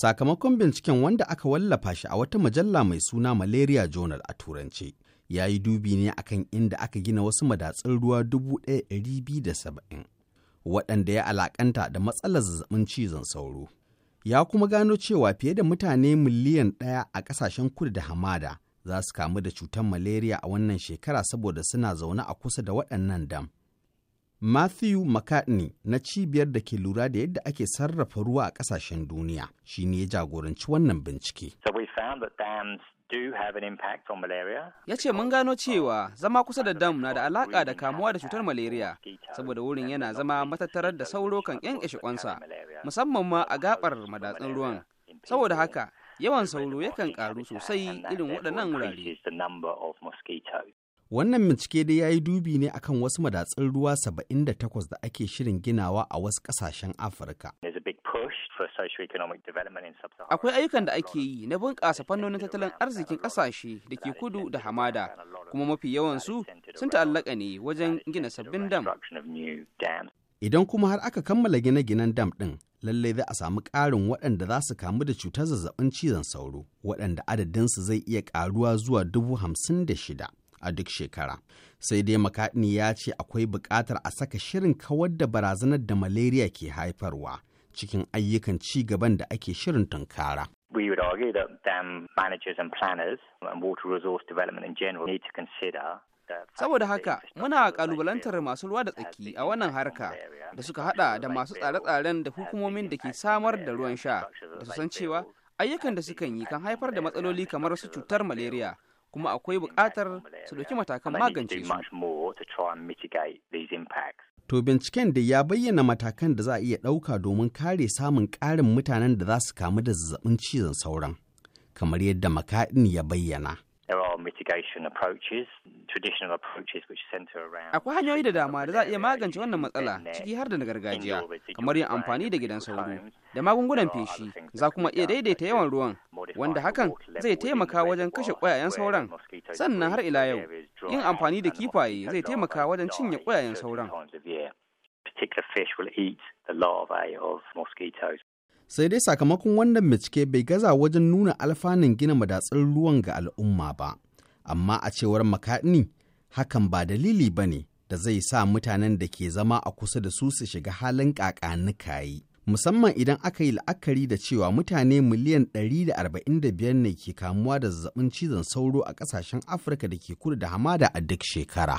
Sakamakon binciken wanda aka wallafa shi a wata majalla mai suna Malaria Journal a Turanci, ya yi dubi ne akan inda aka gina wasu madatsun ruwa 1,270 waɗanda ya alaƙanta da matsalar zazzabin cizon sauro. Ya kuma gano cewa fiye da mutane miliyan ɗaya a ƙasashen kudu da hamada za su kamu da cutar malaria a wannan shekara saboda suna zaune a kusa da waɗannan dam. Matthew McCartney na cibiyar da ke lura da yadda ake sarrafa ruwa a kasashen duniya shi ne ya jagoranci wannan bincike. Ya ce mun gano cewa zama kusa da dam na da alaƙa da kamuwa da cutar malaria saboda wurin yana zama matattarar da sauro kan yanke kwansa musamman ma a gaɓar madatsin ruwan. Saboda haka yawan sauro yakan ƙaru sosai irin waɗannan wurare. Wannan bincike dai ya yi dubi ne akan wasu madatsun ruwa 78 da ake shirin ginawa a wasu ƙasashen Afirka. Akwai ayyukan da ake yi na bunƙasa fannonin tattalin arzikin ƙasashe da ke kudu da hamada, kuma mafi yawansu sun ta'allaka ne wajen gina sabbin dam. Idan kuma har aka kammala gine-ginen dam ɗin, lallai za a samu ƙarin waɗanda za su kamu da cutar zazzabin cizon sauro, waɗanda adadinsu zai iya ƙaruwa zuwa dubu hamsin da shida. a duk shekara. Sai dai makaɗini ya ce akwai buƙatar a saka shirin kawar da barazanar da malaria ke haifarwa cikin ayyukan ci gaban da ake shirin tunkara. We would argue that dam um, managers and planners and water resource development in general need to consider Saboda haka, muna kalubalantar masu ruwa da tsaki a wannan harka da suka hada da masu tsare-tsaren da hukumomin da ke samar da ruwan sha da su san cewa ayyukan da sukan yi kan haifar da matsaloli kamar su cutar malaria kuma akwai buƙatar su ɗauki matakan magance su. To binciken da ya bayyana matakan da za a iya ɗauka domin kare samun ƙarin mutanen da za su kamu da zazzabin cizon sauran, kamar yadda makaɗin ya bayyana. Akwai hanyoyi da dama da za a iya magance wannan matsala ciki har da na gargajiya, kamar yin amfani da gidan sauro, da magungunan feshi, za kuma iya daidaita yawan ruwan wanda hakan zai taimaka wajen kashe ƙwayayen sauran sannan har ila yau yin amfani da kifaye zai taimaka wajen cinye ƙwayayen sauran sai dai sakamakon wannan bincike bai gaza wajen nuna alfanun gina madatsar ruwan ga al'umma ba amma a cewar makani hakan ba dalili ba ne da zai sa mutanen da ke zama a kusa da su su shiga halin kayi. musamman idan aka yi la'akari da cewa mutane miliyan 145 ne ke kamuwa da zazzabin cizon sauro a ƙasashen Afirka da ke kudu da hamada a duk shekara.